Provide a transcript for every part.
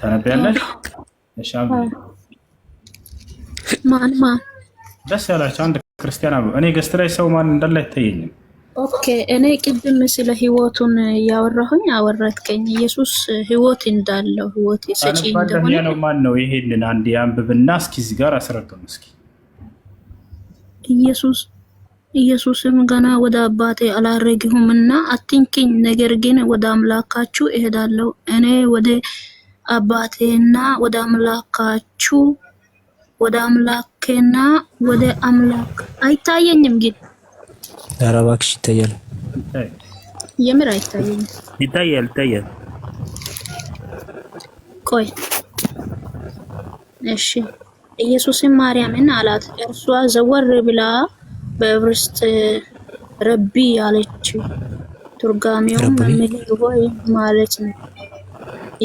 ታነቢያለሽ? እሺ ማን ማን ደስ ያላችሁ አንድ ክርስቲያን አንብቢ። እኔ ገስት ላይ ሰው ማን እንዳለ አይታየኝም። ኦኬ እኔ ቅድም ስለ ህይወቱን እያወራሁኝ አወራትከኝ። ኢየሱስ ህይወት እንዳለው ህይወት ሰጪ እንደሆነ ማን ነው ይሄንን? አንድ አንብብና እስኪ እዚህ ጋር አስረግም እስኪ ኢየሱስ ኢየሱስም ገና ወደ አባቴ አላረግሁምና አትንኪኝ፣ ነገር ግን ወደ አምላካችሁ እሄዳለሁ እኔ ወደ አባቴና ወደ አምላካችሁ ወደ አምላኬና ወደ አምላክ አይታየኝም። ግን ኧረ እባክሽ ይታያል፣ የምር አይታየኝም። ይታያል፣ ይታያል። ቆይ እሺ። ኢየሱስን ማርያምን አላት። እርሷ ዘወር ብላ በዕብራይስጥ ረቢ አለች። ቱርጋሜው መምህር ሆይ ማለት ነው።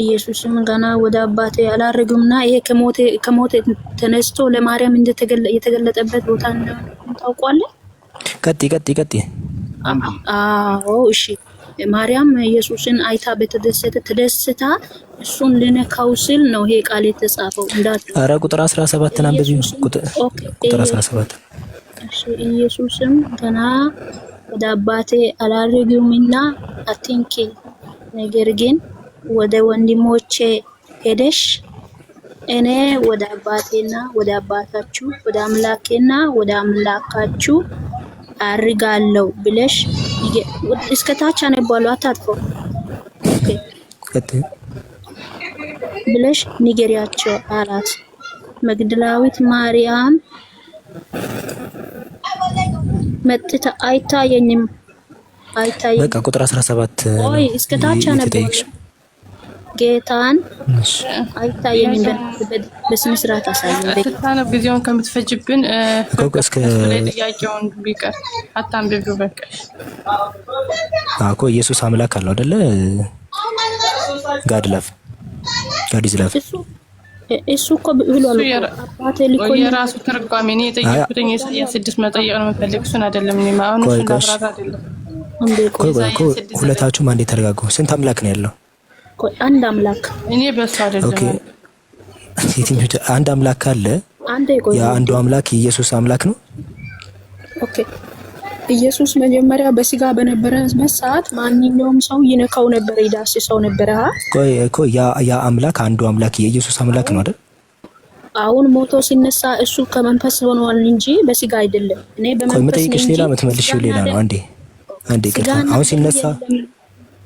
ኢየሱስም ገና ወደ አባቴ አላረጉምና ይሄ ከሞት ተነስቶ ለማርያም የተገለጠበት ቦታ እንደሆነ ታውቋለህ። ቀጥ ቀጥ ቀጥ አዎ፣ እሺ። ማርያም ኢየሱስን አይታ በተደሰተ ተደስታ እሱን ልነካው ስል ነው ይሄ ቃል የተጻፈው። እንዳት አረ ቁጥር 17 ና ብዙ ቁጥር 17 እሺ። ኢየሱስም ገና ወደ አባቴ አላረጉምና አትንኪ ነገር ግን ወደ ወንድሞቼ ሄደሽ እኔ ወደ አባቴና ወደ አባታችሁ ወደ አምላኬና ወደ አምላካችሁ አርጋለሁ ብለሽ እስከ ታች አነባለሁ። አታጥፈው ብለሽ ንገሪያቸው አላት። መግደላዊት ማርያም መጥታ አይታየኝም፣ አይታየኝም። በቃ ቁጥር 17 ወይ እስከ ታች አነባለሁ ጌታን አይታየኝ በስነ ስርዓት አሳየኝ። ነው ጊዜውን ከምትፈጅብን ጥያቄውን ቢቀር አታንብቢው በቃሽ እኮ ኢየሱስ አምላክ አለው አይደለ? ጋድ ላፍ ጋድ ኢዝ ላፍ እሱ እኮ ብሏል። አባቴ ሊኮ የራሱ ትርጓሜ ነው የጠየኩትኝ። ኢሳያስ ስድስት መጠየቅ ነው የምፈልግ እሱን አይደለም። እኔማ አሁን እሱን አብራራ አይደለም። ሁለታችሁም አንዴ ተረጋጉ። ስንት አምላክ ነው ያለው? አንድ አምላክ እኔ በሱ አይደለም። ሴትኞች አንድ አምላክ አለ። የአንዱ አምላክ የኢየሱስ አምላክ ነው። ኦኬ ኢየሱስ መጀመሪያ በስጋ በነበረበት ሰዓት ማንኛውም ሰው ይነካው ነበረ፣ ይዳስሰው ነበረ። እኮ ያ አምላክ አንዱ አምላክ የኢየሱስ አምላክ ነው አይደል? አሁን ሞቶ ሲነሳ እሱ ከመንፈስ ሆነዋል እንጂ በስጋ አይደለም። እኔ በመንፈስ ሌላ ምትመልሽ ሌላ ነው። አንዴ አንዴ፣ አሁን ሲነሳ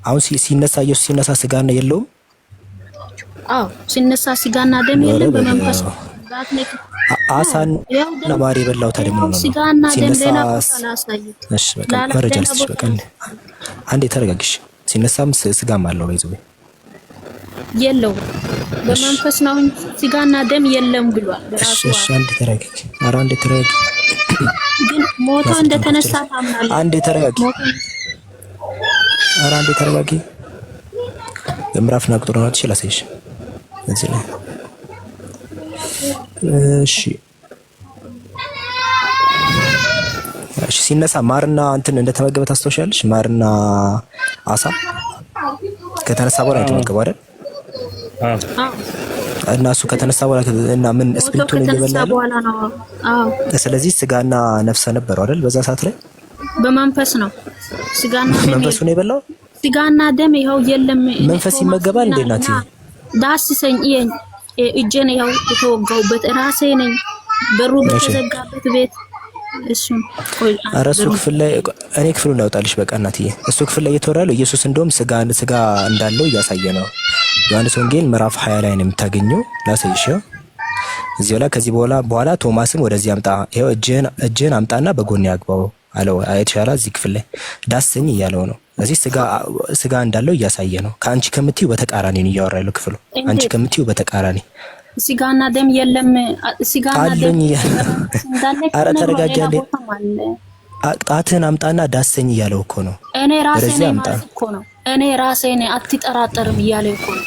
አሁን ሲነሳ ኢየሱስ ሲነሳ ስጋ ነው የለውም? አዎ ሲነሳ ስጋና ደም የለም። በመንፈስ አሳን ለማሪ የበላው ታዲያ ምን ነው? ስጋና ደም ሌላ እሺ፣ በቃ መረጃ ልስጥሽ። በቃ አንዴ ተረጋግሽ። ሲነሳም ስጋም አለው ባይዘው የለውም፣ በመንፈስ ነው እንጂ ስጋና ደም የለም ብሏል። እሺ፣ እሺ፣ አንዴ ተረጋግ። ኧረ አንዴ ተረጋግ። ግን ሞቶ እንደተነሳ ታምናለህ? አንዴ ተረጋግሽ ኧረ አንዴ ተረጋጊ። ምዕራፍ እና ቁጥር ነው ላሳይሽ እዚህ ላይ እሺ እሺ ሲነሳ ማርና እንትን እንደተመገበ ታስታውሻለሽ? ማርና አሳ ከተነሳ በኋላ የተመገበው አይደል? እና እሱ ከተነሳ በኋላ እና ምን ስፕሪቱን እየበላ ነው። ስለዚህ ስጋና ነፍሰ ነበረው አይደል በዛ ሰዓት ላይ በመንፈስ ነው። ስጋና መንፈስ ነው የበላው። ስጋና ደም ይኸው የለም። መንፈስ ይመገባል እንዴ? ናት ዳስሰኝ፣ ይሄን እጄን ይኸው የተወጋሁበት ራሴ ነኝ። በሩ በተዘጋበት ቤት እሱ ክፍል ላይ እኔ ክፍሉን ላውጣልሽ። በቃ እናትዬ፣ እሱ ክፍል ላይ እየተወራ ያለው ኢየሱስ እንደውም ስጋ ስጋ እንዳለው እያሳየ ነው። ዮሐንስ ወንጌል ምዕራፍ 20 ላይ ነው የምታገኘው። ላሳይሽ እዚሁ ላይ ከዚህ በኋላ በኋላ ቶማስም ወደዚህ አምጣ፣ ይሄው እጅህን አምጣና በጎን ያግባው አለው አይተሻላ፣ እዚህ ክፍል ላይ ዳስኝ እያለው ነው። እዚህ ስጋ እንዳለው እያሳየ ነው። ከአንቺ ከምትዩ በተቃራኒ ነው እያወራ ያለው ክፍሉ። አንቺ ከምትዩ በተቃራኒ ስጋና ደም የለም። ስጋና ደም አረ ተረጋጋለ። ጣትህን አምጣና ዳሰኝ እያለው እኮ ነው። እኔ ራሴ ነኝ ማለት እኮ ነው። እኔ ራሴ ነኝ አትጠራጠርም እያለ እኮ ነው።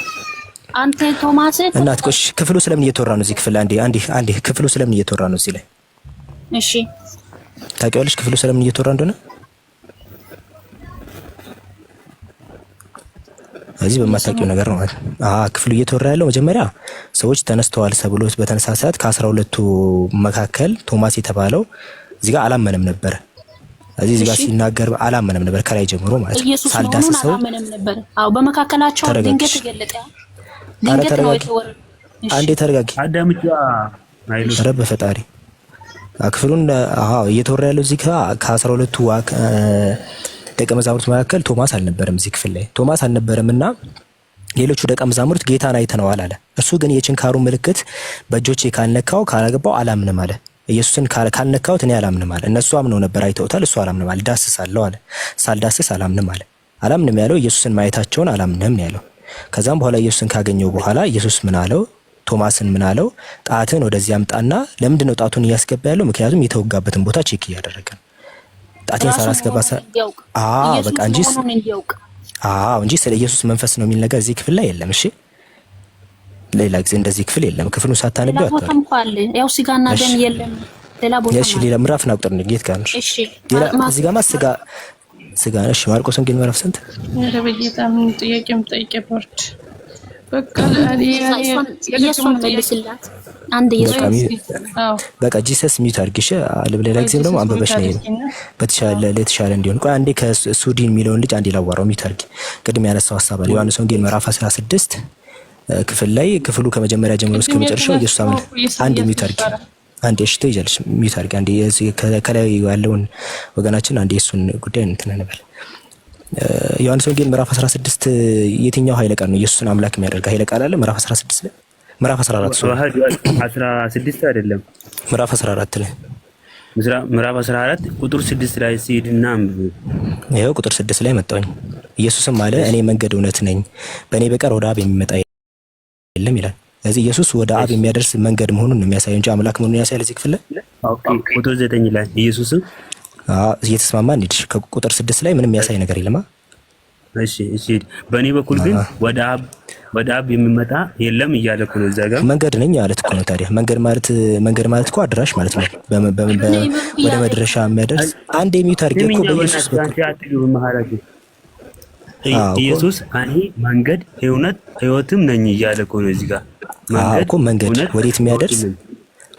አንተ ቶማስ እናት፣ ቆይ ክፍሉ ስለምን እየተወራ ነው? እዚህ ክፍል አንዴ አንዴ አንዴ፣ ክፍሉ ስለምን እየተወራ ነው እዚህ ላይ? እሺ ታውቂዋለሽ? ክፍሉ ስለምን እየተወራ እንደሆነ እዚህ በማታውቂው ነገር ነው ማለት ክፍሉ እየተወራ ያለው መጀመሪያ ሰዎች ተነስተዋል ተብሎ በተነሳ ሰዓት ከአስራ ሁለቱ መካከል ቶማስ የተባለው እዚህ ጋር አላመነም ነበር። እዚህ እዚህ ጋር ሲናገር አላመነም ነበር ከላይ ጀምሮ ማለት ነው። ሳልዳስ ሰው አዎ፣ በመካከላቸው ድንገት ተገለጠ። ድንገት ነው የተወራ። አንዴ ተረጋጊ አዳምጫ አይሉ ረበ ፈጣሪ ክፍሉን እየተወራ ያለው እዚህ ከአስራ ሁለቱ ደቀ መዛሙርት መካከል ቶማስ አልነበረም። እዚህ ክፍል ላይ ቶማስ አልነበረም እና ሌሎቹ ደቀ መዛሙርት ጌታን አይተነዋል አለ። እሱ ግን የችንካሩ ምልክት በእጆቼ ካልነካው ካላገባው አላምንም አለ። ኢየሱስን ካልነካሁት እኔ አላምንም አለ። እነሱ አምነው ነበር፣ አይተውታል። እሱ አላምንም አለ። ዳስሳለሁ አለ። ሳልዳስስ አላምንም አለ። አላምንም ያለው ኢየሱስን ማየታቸውን አላምንም ያለው። ከዛም በኋላ ኢየሱስን ካገኘው በኋላ ኢየሱስ ምን አለው? ቶማስን ምን አለው? ጣትን ወደዚህ አምጣና ለምንድን ነው ጣቱን እያስገባ ያለው? ምክንያቱም የተወጋበትን ቦታ ቼክ እያደረገ ነው። ጣቴን ሳላስገባ በቃ እንጂ አዎ እንጂ ስለ ኢየሱስ መንፈስ ነው የሚል ነገር እዚህ ክፍል ላይ የለም። እሺ ሌላ ጊዜ እንደዚህ ክፍል የለም። ክፍሉ ሳታነብ ያው ስጋና ደም የለም። ሌላ ቦታ እሺ፣ ሌላ ምዕራፍን አቁጥር ነው ጌት ጋር ነው። እሺ እዚህ ጋር ስጋ ስጋ። ነሽ። ማርቆስ ወንጌል ምዕራፍ ስንት? ኧረ በጌታ ምን ጥያቄም ጠይቄ ቦርድ በቃ ጂሰስ ሚዩት አድርጊሽ አልብ። ሌላ ጊዜም ደግሞ አንበበሽ ነው በተሻለ ለተሻለ እንዲሆን። ቆይ አንዴ ከሱዲን የሚለውን ልጅ አንዴ ላዋራው። ሚዩት አድርጊ። ቅድም ያነሳው ሀሳብ አለ ዮሐንስ ወንጌል ምዕራፍ 16 ክፍል ላይ ክፍሉ ከመጀመሪያ ጀምሮ እስከ መጨረሻው ኢየሱስ አምን አንድ ሚዩት አድርጊ አንድ እሽቶ ይዘልሽ ሚዩት አድርጊ። አንዴ ከላይ ያለውን ወገናችን አንዴ እሱን ጉዳይ እንትን እንበል ዮሐንስ ወንጌል ምዕራፍ 16 የትኛው ኃይለ ቃል ነው ኢየሱስን አምላክ የሚያደርግ ኃይለ ቃል አለ? ምዕራፍ 16 ላይ ምዕራፍ 14 ሶሪ 16 አይደለም፣ ምዕራፍ 14 ላይ ምዕራፍ 14 ቁጥር 6 ላይ ሲሄድና ይኸው ቁጥር 6 ላይ መጣሁኝ። ኢየሱስም አለ እኔ መንገድ እውነት ነኝ፣ በእኔ በቀር ወደ አብ የሚመጣ የለም ይላል። ስለዚህ ኢየሱስ ወደ አብ የሚያደርስ መንገድ መሆኑን ነው የሚያሳየው እንጂ አምላክ መሆኑን ያሳያል። እዚህ ክፍል ላይ ቁጥር 9 ላይ ኢየሱስም እየተስማማ እንሂድ። ከቁጥር ስድስት ላይ ምንም የሚያሳይ ነገር የለማ። እሺ እሺ። በእኔ በኩል ግን ወደ አብ ወደ አብ የሚመጣ የለም እያለ እኮ ነው። እዛ ጋር መንገድ ነኝ ማለት እኮ ነው። ታዲያ መንገድ ማለት መንገድ ማለት እኮ አድራሽ ማለት ነው፣ ወደ መድረሻ የሚያደርስ አንድ የሚዩት አድርጌ እኮ በኢየሱስ በኩል ኢየሱስ እኔ መንገድ እውነት ህይወትም ነኝ እያለ እኮ ነው። እዚህ ጋር እኮ መንገድ ወዴት የሚያደርስ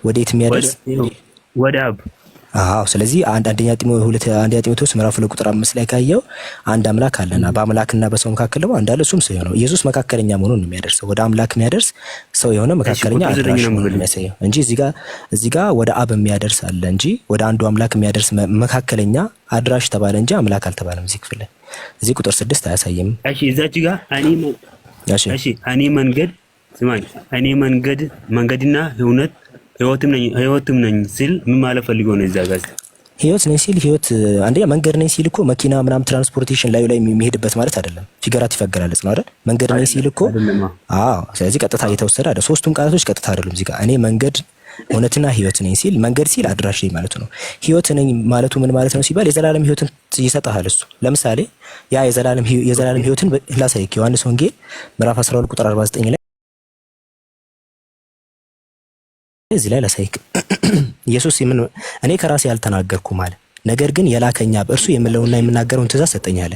ወዴት የሚያደርስ ወደ አብ አዎ ስለዚህ አንደኛ ሁለት ጢሞቴዎስ ምዕራፍ ሁለት ቁጥር አምስት ላይ ካየው አንድ አምላክ አለና በአምላክና በሰው መካከል ደግሞ አንድ አለ፣ እሱም ሰው ነው። ኢየሱስ መካከለኛ መሆኑን ነው የሚያደርሰው፣ ወደ አምላክ የሚያደርስ ሰው የሆነ መካከለኛ አድራሽ የሚያሳየው እንጂ እዚህ ጋር ወደ አብ የሚያደርስ አለ እንጂ ወደ አንዱ አምላክ የሚያደርስ መካከለኛ አድራሽ ተባለ እንጂ አምላክ አልተባለም። እዚህ ክፍል ላይ እዚህ ቁጥር ስድስት አያሳይም። እዛች እሺ እኔ መንገድ ስማኝ፣ እኔ መንገድ መንገድና እውነት ህይወትም ነኝ ህይወትም ነኝ ሲል ምን ማለት ፈልጎ ነው? እዛ ጋር ህይወት ነኝ ሲል ህይወት አንደኛ መንገድ ነኝ ሲል እኮ መኪና ምናም ትራንስፖርቴሽን ላዩ ላይ የሚሄድበት ማለት አይደለም። ፊገራት አገላለጽ ነው አይደል? መንገድ ነኝ ሲል እኮ አዎ። ስለዚህ ቀጥታ እየተወሰደ አይደል? ሶስቱም ቃላቶች ቀጥታ አይደሉም። እዚህ ጋር እኔ መንገድ እውነትና ህይወት ነኝ ሲል መንገድ ሲል አድራሽ ነኝ ማለቱ ነው። ህይወት ነኝ ማለቱ ምን ማለት ነው ሲባል የዘላለም ህይወትን ይሰጥሃል እሱ። ለምሳሌ ያ የዘላለም ህይወትን ላሳይክ ዮሐንስ ወንጌል ምዕራፍ 12 ቁጥር 49 ላይ እዚህ ላይ ለሳይክ ኢየሱስ ምን እኔ ከራሴ ያልተናገርኩም አለ ነገር ግን የላከኛ በእርሱ የምለውና የምናገረውን ትእዛዝ ሰጠኛለ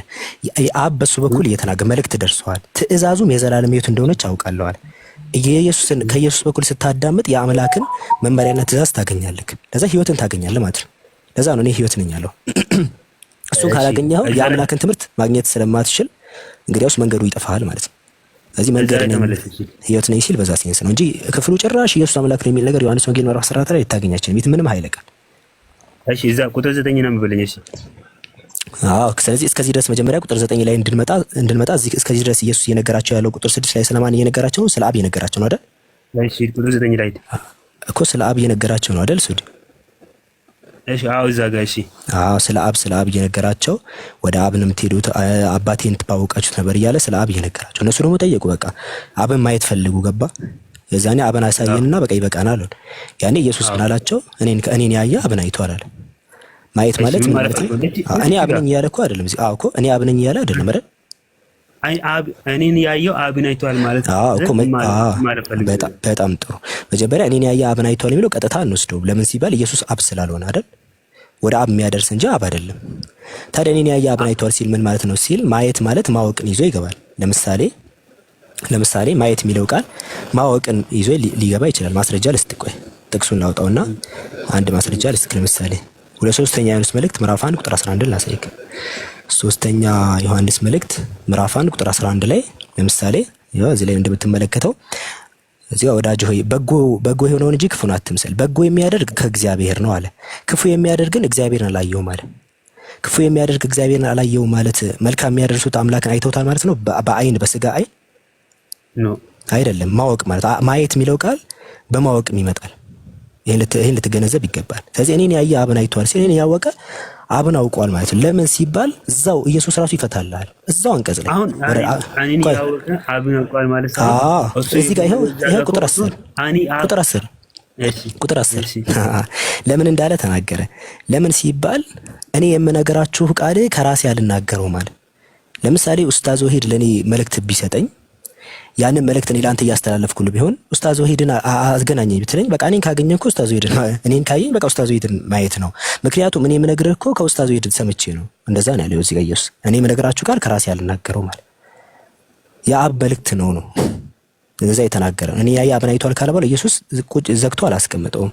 አብ በሱ በኩል እየተናገር መልእክት ደርሰዋል ትእዛዙም የዘላለም ሕይወት እንደሆነች አውቃለዋል ኢየሱስን ከኢየሱስ በኩል ስታዳምጥ የአምላክን መመሪያና ትእዛዝ ታገኛለህ ለዛ ሕይወትን ታገኛለህ ማለት ነው ለዛ ነው እኔ ሕይወት ነኝ ያለው እሱን ካላገኘኸው የአምላክን ትምህርት ማግኘት ስለማትችል እንግዲያውስ መንገዱ ይጠፋሃል ማለት ነው እዚህ መንገድ ነው ህይወት ነኝ ሲል በዛ ሴንስ ነው እንጂ ክፍሉ ጭራሽ ኢየሱስ አምላክ ነው የሚል ነገር ዮሐንስ ወንጌል ምዕራፍ አስራ አራት ላይ ልታገኛችን ቤት ምንም ኃይለ እሺ እዛ ቁጥር ዘጠኝ ነው የሚበለኝ። እሺ አዎ፣ ስለዚህ እስከዚህ ድረስ መጀመሪያ ቁጥር ዘጠኝ ላይ እንድንመጣ እንድንመጣ እዚህ እስከዚህ ድረስ ኢየሱስ እየነገራቸው ያለው ቁጥር ስድስት ላይ ስለማን እየነገራቸው ነው? ስለ አብ እየነገራቸው ነው አይደል? እሺ ቁጥር ዘጠኝ ላይ እኮ ስለ አብ እየነገራቸው ነው አይደል? ሱድ እዛ ጋ እሺ፣ ስለ አብ ስለ አብ እየነገራቸው ወደ አብ ነው የምትሄዱት፣ አባቴን ትባወቃችሁት ነበር እያለ ስለ አብ እየነገራቸው፣ እነሱ ደግሞ ጠየቁ። በቃ አብን ማየት ፈልጉ። ገባ የዛኔ አብን አሳየንና በቃ ይበቃና አሉን። ያኔ ኢየሱስ ምን አላቸው? እኔን ያየ አብን አይቷላል። ማየት ማለት እኔ አብነኝ እያለ እኮ አይደለም። እዚህ እኮ እኔ አብነኝ እያለ አይደለም አይደል እኔን ያየው አብን አይቷል ማለት በጣም ጥሩ። መጀመሪያ እኔን ያየ አብን አይቷል የሚለው ቀጥታ አንወስደውም። ለምን ሲባል ኢየሱስ አብ ስላልሆነ አይደል? ወደ አብ የሚያደርስ እንጂ አብ አይደለም። ታዲያ እኔን ያየ አብን አይቷል ሲል ምን ማለት ነው? ሲል ማየት ማለት ማወቅን ይዞ ይገባል። ለምሳሌ ለምሳሌ ማየት የሚለው ቃል ማወቅን ይዞ ሊገባ ይችላል። ማስረጃ ልስጥ፣ ቆይ ጥቅሱን ላውጣውና አንድ ማስረጃ ልስጥ። ለምሳሌ ሁለት ሶስተኛ ዮሐንስ መልእክት ምዕራፍ አንድ ቁጥር 11 ላሳይክ ሶስተኛ ዮሐንስ መልእክት ምዕራፍ አንድ ቁጥር 11 ላይ ለምሳሌ እዚህ ላይ እንደምትመለከተው እዚያ ወዳጅ ሆይ በጎ በጎ የሆነውን እንጂ ክፉን አትምሰል፣ በጎ የሚያደርግ ከእግዚአብሔር ነው አለ። ክፉ የሚያደርግ የሚያደርግን እግዚአብሔርን አላየውም አለ። ክፉ የሚያደርግ እግዚአብሔርን አላየው ማለት መልካም የሚያደርሱት አምላክን አይተውታል ማለት ነው። በአይን በስጋ አይን አይደለም። ማወቅ ማለት ማየት የሚለው ቃል በማወቅም ይመጣል። ይህን ልትገነዘብ ይገባል። ስለዚህ እኔን ያየ አብን አይተዋል ሲል እኔን ያወቀ አብን አውቋል ማለት ነው። ለምን ሲባል እዛው ኢየሱስ ራሱ ይፈታልሃል እዛው አንቀጽ ላይ እዚህ ጋር ይኸው ቁጥር አስር ቁጥር አስር ቁጥር አስር ለምን እንዳለ ተናገረ። ለምን ሲባል እኔ የምነገራችሁ ቃል ከራሴ አልናገረው ማለት ለምሳሌ ኡስታዝ ወሂድ ለእኔ መልእክት ቢሰጠኝ ያንን መልእክት እኔ ለአንተ እያስተላለፍኩል ቢሆን ኡስታዝ ወሂድን አገናኘኝ ብትለኝ በቃ እኔን ካገኘ እኮ ኡስታዝ ወሂድን እኔን ካየኝ በቃ ኡስታዝ ወሂድን ማየት ነው። ምክንያቱም እኔ የምነግርህ እኮ ከኡስታዝ ወሂድን ሰምቼ ነው። እንደዛ ነው ያለው እዚህ ጋር ኢየሱስ። እኔ የምነግራችሁ ቃል ከራሴ ያልናገረው ማለት የአብ መልእክት ነው ነው እንደዛ የተናገረ እኔ ያ አብን አይቷል ካለ በኋላ ኢየሱስ ቁጭ ዘግቶ አላስቀምጠውም።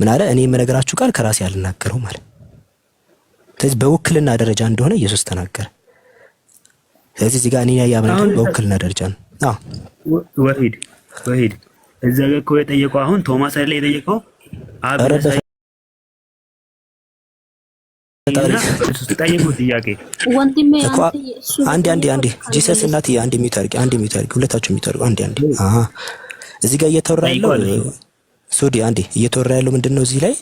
ምን አለ? እኔ የምነግራችሁ ቃል ከራሴ ያልናገረው ማለት ስለዚህ በውክልና ደረጃ እንደሆነ ኢየሱስ ተናገረ። ስለዚህ እዚህ ጋር እኔ ያያምናል በውክልና ደረጃ ነው። ወሂድ ወሂድ እዛ ጋር እኮ የጠየቀው አሁን ቶማስ አይደለ የጠየቀው እየተወራ ያለው እየተወራ ያለው ላይ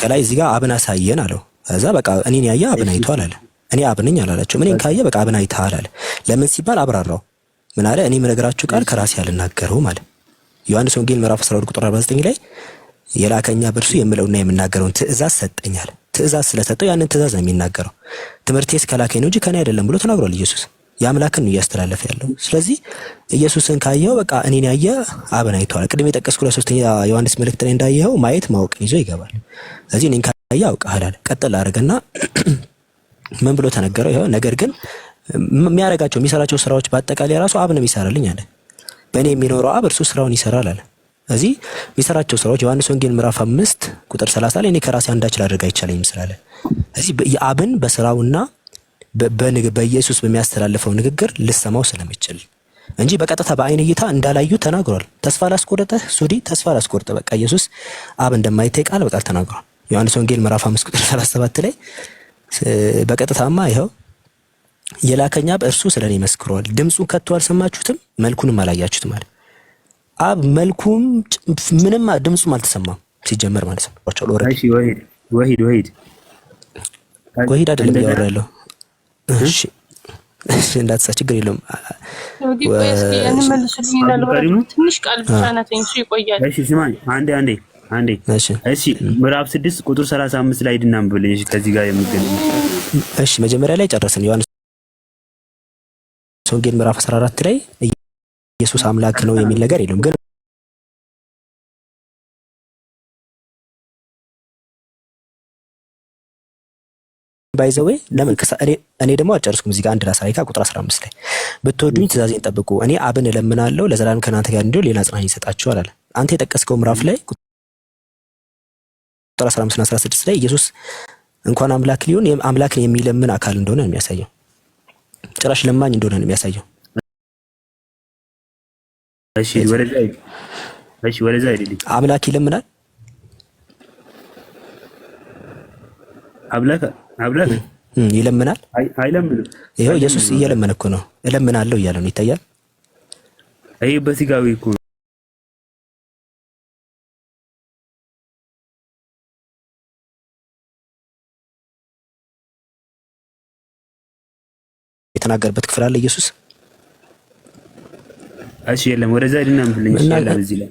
ከላይ እዚህ ጋር አብን አሳየን አለው። እዛ በቃ እኔን ያየ አብን አይቷል አለ እኔ አብ ነኝ አላላቸውም። እኔን ካየ በቃ አብን አይተሃል አለ። ለምን ሲባል አብራራው። ምን አለ? እኔ የምነግራችሁ ቃል ከራሴ አልናገረውም አለ። ዮሐንስ ወንጌል ምዕራፍ 12 ቁጥር 49 ላይ የላከኛ በእርሱ የምለውና የምናገረውን ትእዛዝ ሰጠኛል። ትእዛዝ ስለሰጠው ያንን ትእዛዝ ነው የሚናገረው። ትምህርቴስ ከላከኝ ነው እንጂ ከኔ አይደለም ብሎ ተናግሯል ኢየሱስ። የአምላክን ነው እያስተላለፈ ያለው። ስለዚህ ኢየሱስን ካየው በቃ እኔን ያየ አብን አይተዋል። ቅድም የጠቀስኩ ለሶስተኛ ዮሐንስ መልእክት ላይ እንዳየኸው ማየት ማወቅን ይዞ ይገባል። ስለዚህ እኔን ካየ አውቀሃል አለ። ቀጥል አደረገና ምን ብሎ ተነገረው? ይኸው ነገር ግን የሚያደርጋቸው የሚሰራቸው ስራዎች በአጠቃላይ ራሱ አብ ነው የሚሰራልኝ አለ። በእኔ የሚኖረው አብ እርሱ ስራውን ይሰራል አለ። እዚህ የሚሰራቸው ስራዎች ዮሐንስ ወንጌል ምዕራፍ አምስት ቁጥር ሰላሳ ላይ እኔ ከራሴ አንዳች ላደርግ አይቻለኝም ስላለ እዚህ የአብን በስራውና በኢየሱስ በሚያስተላልፈው ንግግር ልሰማው ስለምችል እንጂ በቀጥታ በአይን እይታ እንዳላዩ ተናግሯል። ተስፋ ላስቆረጠ ሱዲ ተስፋ ላስቆረጠ በቃ ኢየሱስ አብ እንደማይታይ ቃል በቃል ተናግሯል። ዮሐንስ ወንጌል ምዕራፍ አምስት ቁጥር ሰላሳ ሰባት ላይ በቀጥታማ ይኸው የላከኝ አብ እርሱ ስለ እኔ መስክሯል። ድምፁን ከቶ አልሰማችሁትም፣ መልኩንም አላያችሁት ማለት አብ መልኩም ምንም ድምፁም አልተሰማም ሲጀመር ማለት ነው። ወሂድ ወሂድ ወሂድ አይደለም እያወራ ያለው እሺ፣ እንዳትሳ ችግር የለውም። ትንሽ ቃል ብቻ ናት። ይቆያል። እሺ ስማኝ አንዴ አንዴ አንዴ እሺ፣ ምዕራፍ 6 ቁጥር 35 ላይ ድናም ብለኝ። እሺ፣ ከዚህ ጋር የሚገናኝ እሺ፣ መጀመሪያ ላይ ጨረስን። ዮሐንስ ወንጌል ምዕራፍ 14 ላይ ኢየሱስ አምላክ ነው የሚል ነገር የለም ግን ባይዘዌ ለምን እኔ ደግሞ አልጨርስኩም። እዚህ ጋር አንድ ራሳ ላይ ቁጥር 15 ላይ ብትወዱኝ ትእዛዜን ጠብቁ፣ እኔ አብን እለምናለሁ ለዘላለም ከእናንተ ጋር እንዲሁ ሌላ አጽናኝ ይሰጣችኋል አለ። አንተ የጠቀስከው ምዕራፍ ላይ ቁጥር 15 እና 16 ላይ ኢየሱስ እንኳን አምላክ ሊሆን አምላክን የሚለምን አካል እንደሆነ ነው የሚያሳየው። ጭራሽ ለማኝ እንደሆነ ነው የሚያሳየው። እሺ እሺ አምላክ ይለምናል። አምላክ አምላክ ይለምናል አይለምንም? ይሄው ኢየሱስ እየለመነ እኮ ነው። እለምናለሁ እያለ ነው። ይታያል። ይህ በስጋዊ እኮ የተናገርበት ክፍል አለ ኢየሱስ። እሺ የለም፣ ወደዛ ድናምልኝ ይችላል እዚህ ላይ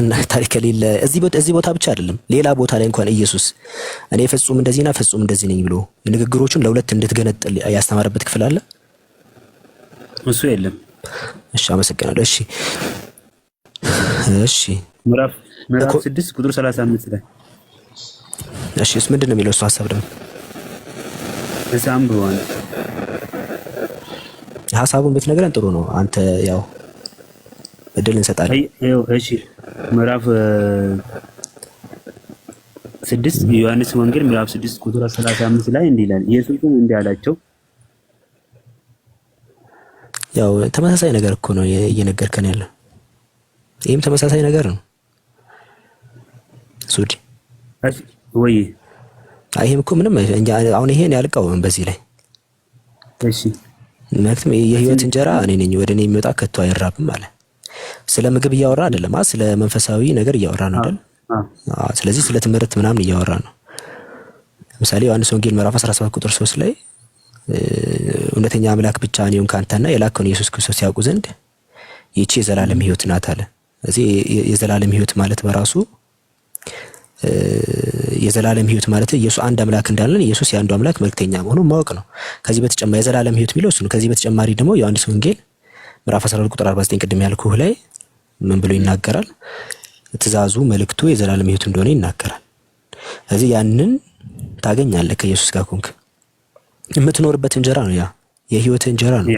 እና ታሪክ ሌለ እዚህ ቦታ ብቻ አይደለም ሌላ ቦታ ላይ እንኳን ኢየሱስ እኔ ፍጹም እንደዚህና ፍጹም እንደዚህ ነኝ ብሎ ንግግሮቹን ለሁለት እንድትገነጥል ያስተማረበት ክፍል አለ እሱ የለም። እሺ አመሰግናለሁ። እሺ እሺ ምዕራፍ ምዕራፍ 6 ቁጥር 35 ላይ እሺ፣ ምንድን ነው የሚለው እሱ ሀሳብ ደግሞ እዛም ብሆነ ሀሳቡን ብትነግረን ጥሩ ነው። አንተ ያው እድል እንሰጣለን። እሺ ምዕራፍ ስድስት ዮሐንስ ወንጌል ምዕራፍ ስድስት ቁጥር ሰላሳ አምስት ላይ እንዲህ ይላል። ኢየሱስም እንዲህ አላቸው። ያው ተመሳሳይ ነገር እኮ ነው እየነገርከን ያለ። ይህም ተመሳሳይ ነገር ነው ሱድ ወይ ይህም እኮ ምንም አሁን ይሄን ያልቀው በዚህ ላይ እሺ ምክንያቱም የህይወት እንጀራ እኔ ነኝ፣ ወደ እኔ የሚወጣ ከቶ አይራብም አለ። ስለ ምግብ እያወራ አይደለም፣ ስለ መንፈሳዊ ነገር እያወራ ነው አይደል? ስለዚህ ስለ ትምህርት ምናምን እያወራ ነው። ለምሳሌ ዮሐንስ ወንጌል ምዕራፍ 17 ቁጥር 3 ላይ እውነተኛ አምላክ ብቻ እኔውን ካንተና የላከውን ኢየሱስ ክርስቶስ ያውቁ ዘንድ ይቺ የዘላለም ህይወት ናት አለ። እዚህ የዘላለም ህይወት ማለት በራሱ የዘላለም ህይወት ማለት ኢየሱስ አንድ አምላክ እንዳለን ኢየሱስ የአንዱ አምላክ መልክተኛ መሆኑ ማወቅ ነው። ከዚህ በተጨማሪ የዘላለም ህይወት የሚለው እሱ ነው። ከዚህ በተጨማሪ ደግሞ ዮሐንስ ወንጌል ምዕራፍ 12 ቁጥር 49 ቅድም ያልኩህ ላይ ምን ብሎ ይናገራል? ትእዛዙ መልእክቱ የዘላለም ህይወት እንደሆነ ይናገራል። ስለዚህ ያንን ታገኛለህ ከኢየሱስ ጋር ኮንክ የምትኖርበት እንጀራ ነው። ያ የህይወት እንጀራ ነው።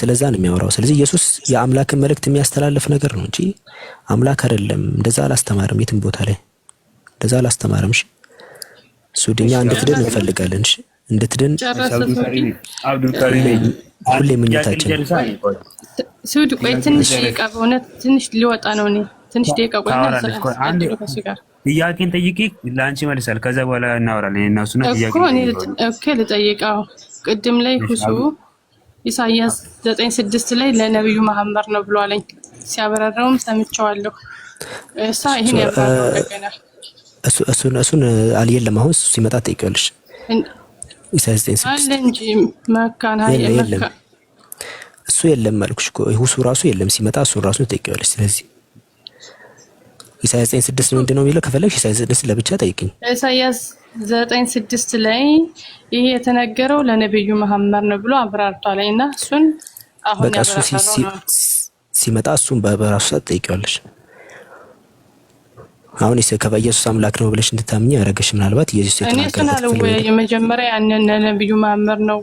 ስለዛ ነው የሚያወራው። ስለዚህ ኢየሱስ የአምላክን መልእክት የሚያስተላልፍ ነገር ነው እንጂ አምላክ አይደለም። እንደዛ አላስተማርም የትም ቦታ ላይ እንደዛ አላስተማርም። እሺ ሱድኛ እንድትድን እንፈልጋለን። እሺ እንድትድን ሁሌ ምኞታችን ሱድ። ቆይ ትንሽ ደቂቃ፣ በእውነት ትንሽ ሊወጣ ነው። እኔ ትንሽ ደቂቃ ቆይ ጋር ጥያቄን ጠይቂ፣ ለአንቺ መልሳል። ከዛ በኋላ እናወራለን እና እሱና ጥያቄ ኦኬ፣ ልጠይቀው ቅድም ላይ ሁሱ ኢሳያስ ዘጠኝ ስድስት ላይ ለነቢዩ መሐመድ ነው ብሎ አለኝ። ሲያበረረውም ሰምቸዋለሁ። እሳ ይህን ያባረው እሱን እሱን አልየለም። አሁን እሱ ሲመጣ ጠይቀልሽ። እሱ የለም አልኩሽ እኮ ሁሱ ራሱ የለም። ሲመጣ እሱን ራሱ ጠይቀልሽ። ስለዚህ ኢሳያስ 9:6 ምንድን ነው የሚለው? ከፈለግሽ ኢሳያስ 9 ለብቻ ጠይቅኝ። ኢሳያስ 9:6 ላይ ይህ የተነገረው ለነብዩ መሐመድ ነው ብሎ አብራርቷል እና እሱን አሁን ያብራራው ሲመጣ እሱን በራሱ ሰዓት ጠይቀዋለሽ። አሁን ከባ ኢየሱስ አምላክ ነው ብለሽ እንድታምኝ ያደረገሽ ምናልባት ኢየሱስ የተናገረው የመጀመሪያ ያንን ነብዩ መሐመድ ነው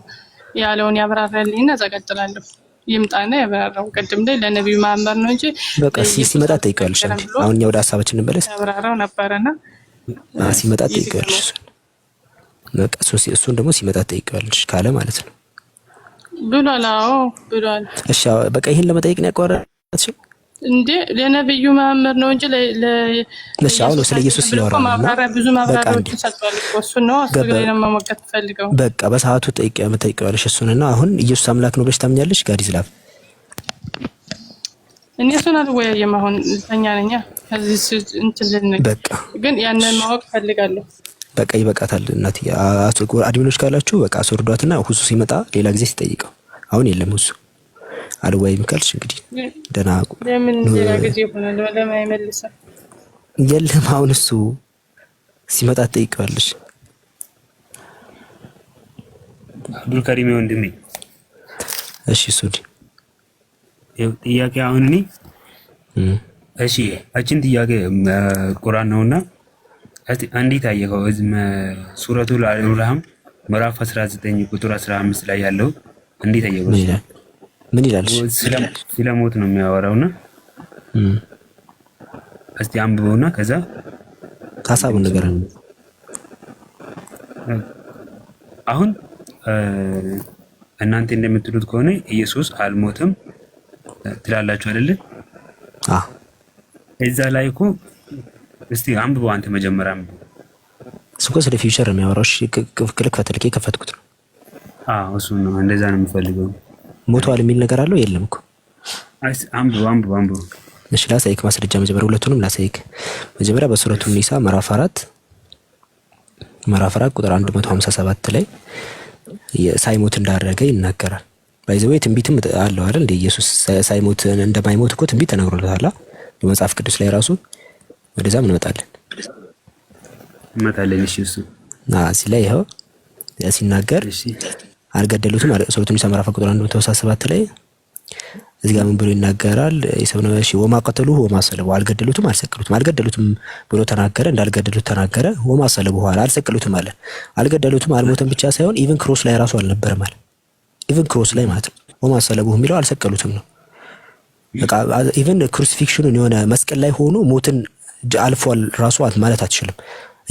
ያለውን ያብራራልኝ ያብራራልኝና ዘቀጥላለሁ። ይምጣና ያብራራው ቅድም ላይ ለነብዩ መሐመድ ነው እንጂ በቃ ሲመጣ ጠይቀዋልሽ። አሁን እኛ ወደ ሀሳባችን እንበለስ። ያብራራው ነበረና ሲመጣ ጠይቀዋልሽ። በቃ እሱን ደግሞ ሲመጣ ጠይቀዋልሽ ካለ ማለት ነው ብሏል። አዎ ብሏል። እሺ በቃ ይሄን ለመጠየቅ ነው ያቋረጥሽው እንዴ ለነብዩ መሀመድ ነው እንጂ ለሻው ስለ ኢየሱስ ነው ማብራሪያ ብዙ ማብራሪያዎችን ሰጥቷል እኮ እሱን ነው አስተግሬ ለማሞቀት ፈልገው በቃ በሰዓቱ ጠይቀ መጠይቀዋለሽ እሱንና አሁን ኢየሱስ አምላክ ነው ብለሽ ታምኛለሽ? ጋዲ ዝላፍ እኔ እሱን አልወያየም። አሁን ልተኛ ነኛ ከዚህ እንትን ልንል በቃ ግን ያንን ማወቅ ፈልጋለሁ። በቃ ይበቃታል። እናት አድሚኖች ካላችሁ በቃ አስወርዷትና ሁሱ ሲመጣ ሌላ ጊዜ ሲጠይቀው አሁን የለም ሁሱ አልወይም ካልሽ እንግዲህ ደህና የለም። አሁን እሱ ሲመጣ ትጠይቀዋለሽ። አብዱልከሪም ወንድሜ፣ እሺ ሱድ ጥያቄ አሁን እኔ እሺ አችን ጥያቄ ቁርአን ነውና እንዴት አየኸው? ሱረቱል አል ኢምራን ምዕራፍ 19 ቁጥር 15 ላይ ያለው እንዴት አየኸው? ምን ይላል? ስለ ሞት ነው የሚያወራውና እስቲ አንብበውና ከዛ ሀሳቡን ነገር አሁን እናንተ እንደምትሉት ከሆነ ኢየሱስ አልሞትም ትላላችሁ አይደለ? እዛ ላይ እኮ እስቲ አንብበው አንተ መጀመሪያ አንብበው። እሱ እኮ ስለ ፊውቸር የሚያወራው ልክፈትልኬ ከፈትኩት ነው። እሱ ነው እንደዛ ነው የምፈልገው። ሞተዋል የሚል ነገር አለው የለም እኮ እሺ ላሳይክ ማስረጃ መጀመሪያ ሁለቱንም ላሳይክ መጀመሪያ በሱረቱ ኒሳ ምዕራፍ አራት ምዕራፍ አራት ቁጥር 157 ላይ ሳይሞት እንዳደረገ ይናገራል ባይዘዌ ትንቢትም አለው አይደል እንደ ኢየሱስ ሳይሞት እንደማይሞት እኮ ትንቢት ተነግሮለታል በመጽሐፍ ቅዱስ ላይ ራሱ ወደዛ እንመጣለን እንመጣለን እሺ እሱ ይኸው ሲናገር አልገደሉትም። ሰውቱን ሰመራ ፈቅዶ አንዱ ተወሳ ሰባት ላይ እዚህ ጋር ምን ብሎ ይናገራል? የሰብነ እሺ ወማ ቀተሉ ወማ ሰለቡ አልገደሉትም፣ አልሰቀሉትም። አልገደሉትም ብሎ ተናገረ፣ እንዳልገደሉት ተናገረ። ወማ ሰለቡ ኋላ አልሰቀሉትም አለ። አልገደሉትም አልሞተም ብቻ ሳይሆን ኢቭን ክሮስ ላይ ራሱ አልነበረም አለ። ኢቭን ክሮስ ላይ ማለት ነው። ወማ ሰለቡ የሚለው አልሰቀሉትም ነው። በቃ ኢቭን ክሩሲፊክሽኑን የሆነ መስቀል ላይ ሆኖ ሞትን አልፏል ራሱ ማለት አትችልም።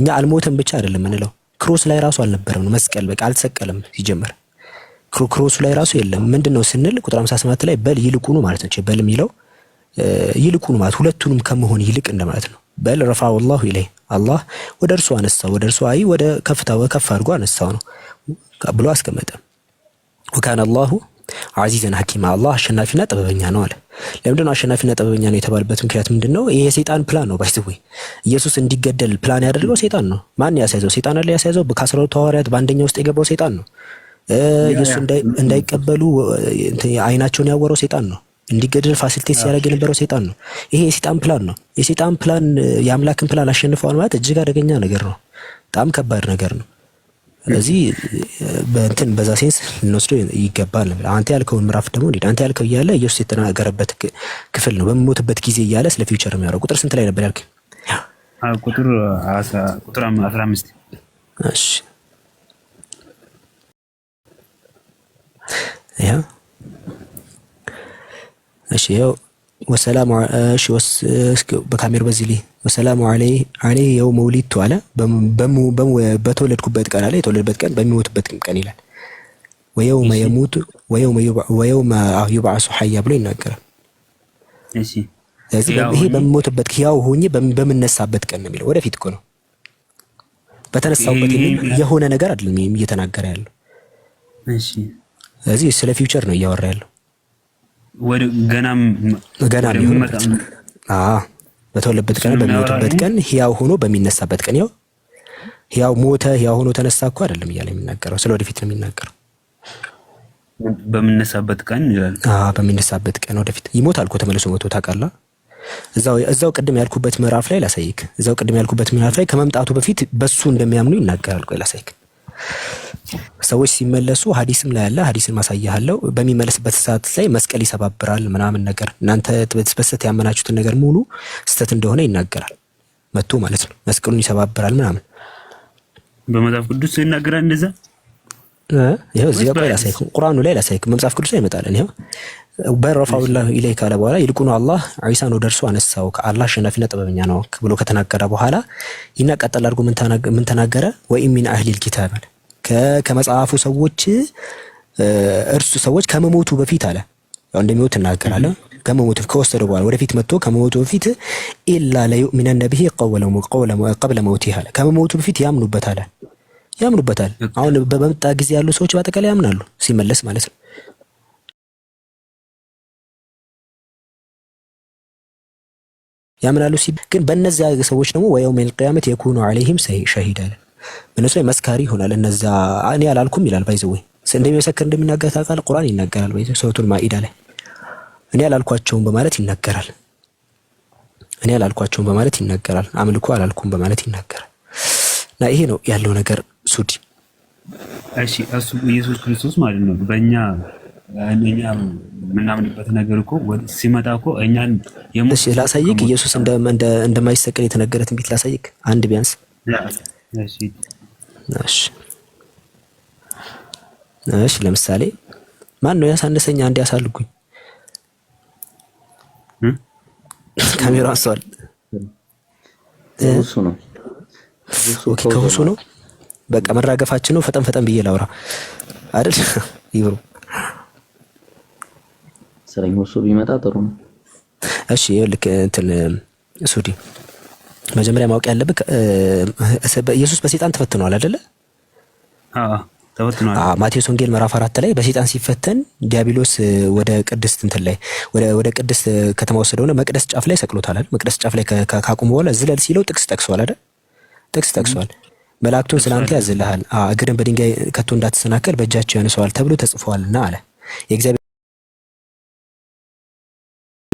እኛ አልሞተም ብቻ አይደለም እንለው፣ ክሮስ ላይ ራሱ አልነበረም ነው መስቀል በቃ አልተሰቀለም ሲጀመር ክሮክሮሱ ላይ ራሱ የለም። ምንድን ነው ስንል ቁጥር 57 ላይ በል ይልቁኑ ማለት ነው። በል የሚለው ይልቁኑ ማለት ሁለቱንም ከመሆን ይልቅ እንደማለት ነው። በል ረፋው አላሁ ኢለይ አላህ ወደ እርሱ አነሳው፣ ወደ እርሱ አይ ወደ ከፍታ ከፍ አድርጎ አነሳው ነው ብሎ አስቀመጠ። ወካነ አላሁ አዚዘን ሐኪማ አላህ አሸናፊና ጥበበኛ ነው አለ። ለምንድነው አሸናፊና ጥበበኛ ነው የተባለበት ምክንያት ምንድነው? ይሄ የሰይጣን ፕላን ነው። ወይ ኢየሱስ እንዲገደል ፕላን ያደረገው ሰይጣን ነው። ማን ያስያዘው? ሰይጣን አለ ያስያዘው። ከአስራ ሁለቱ ሐዋርያት በአንደኛው ውስጥ የገባው ሰይጣን ነው። ኢየሱስ እንዳይቀበሉ አይናቸውን ያወረው ሴጣን ነው። እንዲገደል ፋሲሊቴት ሲያደርግ የነበረው ሴጣን ነው። ይሄ የሴጣን ፕላን ነው። የሴጣን ፕላን የአምላክን ፕላን አሸንፈዋል ማለት እጅግ አደገኛ ነገር ነው። በጣም ከባድ ነገር ነው። ስለዚህ በእንትን በዛ ሴንስ ልንወስደው ይገባል። አንተ ያልከውን ምዕራፍ ደግሞ እንዴ አንተ ያልከው እያለ ኢየሱስ የተናገረበት ክፍል ነው። በሚሞትበት ጊዜ እያለ ስለ ፊውቸር የሚያወራው ቁጥር ስንት ላይ ነበር ያልከኝ? ቁጥር አስራ አምስት እሺ ይኸው በዚህ ላይ ወሰላሙ አለይ አለ በተወለድኩበት ቀን አለ የተወለድበት ቀን በሚሞትበት ቀን ይላል። ወየውመ ወየውመ ሐያ ብሎ ይናገራል። ይሄ በሚሞትበት ያው ሆኜ በምነሳበት ቀን ነው የሚለው። ወደፊት እኮ ነው በተነሳሁበት የሆነ ነገር አይደለም እየተናገረ ያለው። እሺ ስለዚህ ስለ ፊውቸር ነው እያወራ ያለው። ገናም ገና በተወለበት ቀን በሚሞትበት ቀን ህያው ሆኖ በሚነሳበት ቀን ያው ያው ሞተ ያው ሆኖ ተነሳ እኮ አይደለም እያለ የሚናገረው ስለ ወደፊት ነው የሚናገረው። በሚነሳበት ቀን ይላል። በሚነሳበት ቀን ወደፊት ይሞታል እኮ ተመልሶ ሞቶ ታውቃለህ። እዛው እዛው ቅድም ያልኩበት ምዕራፍ ላይ ላሳይክ። እዛው ቅድም ያልኩበት ምዕራፍ ላይ ከመምጣቱ በፊት በሱ እንደሚያምኑ ይናገራል። ቆይ ላሳይክ ሰዎች ሲመለሱ ሀዲስም ላይ አለ። ሀዲስን ማሳያለው በሚመለስበት ሰዓት ላይ መስቀል ይሰባብራል ምናምን ነገር እናንተ በስህተት ያመናችሁትን ነገር ሙሉ ስህተት እንደሆነ ይናገራል። መቶ ማለት ነው መስቀሉን ይሰባብራል ምናምን በመጽሐፍ ቅዱስ ይናገራል እንደዛ። ይኸው እዚህ ጋር ላሳይክ፣ ቁርአኑ ላይ ላሳይክ፣ መጽሐፍ ቅዱስ ላይ ይመጣል። ይኸው በረፋውላሁ ኢለይክ ካለ በኋላ ይልቁኑ አላህ ዒሳን ወደ እርሱ አነሳው ከአላህ አሸናፊና ጥበበኛ ነው ብሎ ከተናገረ በኋላ ይናቀጠል አድርጎ ምን ተናገረ? ወኢን ሚን አህሊል ኪታብ አለ ከመጽሐፉ ሰዎች እርሱ ሰዎች ከመሞቱ በፊት አለ ያው እንደሚሞት እናገራለ ከመሞቱ ከወሰደ በኋላ ወደፊት መጥቶ ከመሞቱ በፊት ኢላ ለዩእሚነ ነብይ ቀብለ መውት አለ። ከመሞቱ በፊት ያምኑበት አለ ያምኑበታል። አሁን በመጣ ጊዜ ያሉ ሰዎች በአጠቃላይ ያምናሉ፣ ሲመለስ ማለት ነው። ያምናሉ ሲ ግን በእነዚያ ሰዎች ደግሞ ወየውመል ቂያመት የኩኑ ዐለይሂም ሸሂድ አለ በነሱ ላይ መስካሪ ይሆናል። እነዛ እኔ አላልኩም ይላል ባይዘወይ እንደሚመሰክር እንደሚናገር ታውቃል። ቁርአን ይናገራል። ባይዘወይ ሱረቱል ማኢዳ ላይ እኔ አላልኳቸውም በማለት ይናገራል። እኔ አላልኳቸውም በማለት ይናገራል። አምልኮ አላልኩም በማለት ይናገራል። እና ይሄ ነው ያለው ነገር ሱዲ። እሺ እሱ ኢየሱስ ክርስቶስ ማለት ነው በእኛ እኛ የምናምንበት ነገር እኮ ሲመጣ እኮ እኛን ላሳይክ ኢየሱስ እንደ እንደማይሰቀል የተነገረ ትንቢት ላሳይቅ አንድ ቢያንስ እሺ ለምሳሌ ማን ነው ያሳነሰኝ? አንድ ያሳልጉኝ። ካሜራው አንስተዋል። እሱ ነው ከሁሱ ነው በቃ መራገፋችን ነው። ፈጠን ፈጠን ብዬ ላውራ አይደል? ይብሩ ስለኝ ሁሱ ቢመጣ ጥሩ ነው። እሺ ልክ እንትን ሱዲ መጀመሪያ ማወቅ ያለብህ ኢየሱስ በሰይጣን ተፈትኗል አይደለ? ተፈትኗል። ማቴዎስ ወንጌል ምዕራፍ አራት ላይ በሰይጣን ሲፈተን ዲያብሎስ ወደ ቅድስት እንትን ላይ ወደ ቅድስት ከተማ ወሰደው ነው። መቅደስ ጫፍ ላይ ሰቅሎታል አይደል? መቅደስ ጫፍ ላይ ካቆመ በኋላ ዝለል ሲለው ጥቅስ ጠቅሷል አይደል? ጥቅስ ጠቅሷል። መላእክቱን ስላንተ ያዝልሃል፣ እግርን በድንጋይ ከቶ እንዳትሰናከል በእጃቸው ያነሰዋል ተብሎ ተጽፏልና አለ። የእግዚአብሔር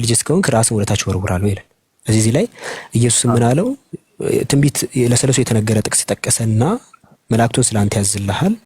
ልጅ እስከሆንክ ራስን ወደታች ወርውራል ነው ይላል እዚህ ላይ ኢየሱስ ምን አለው? ትንቢት ለሰለሱ የተነገረ ጥቅስ ጠቀሰና መላእክቱን ስለ አንተ ያዝልሃል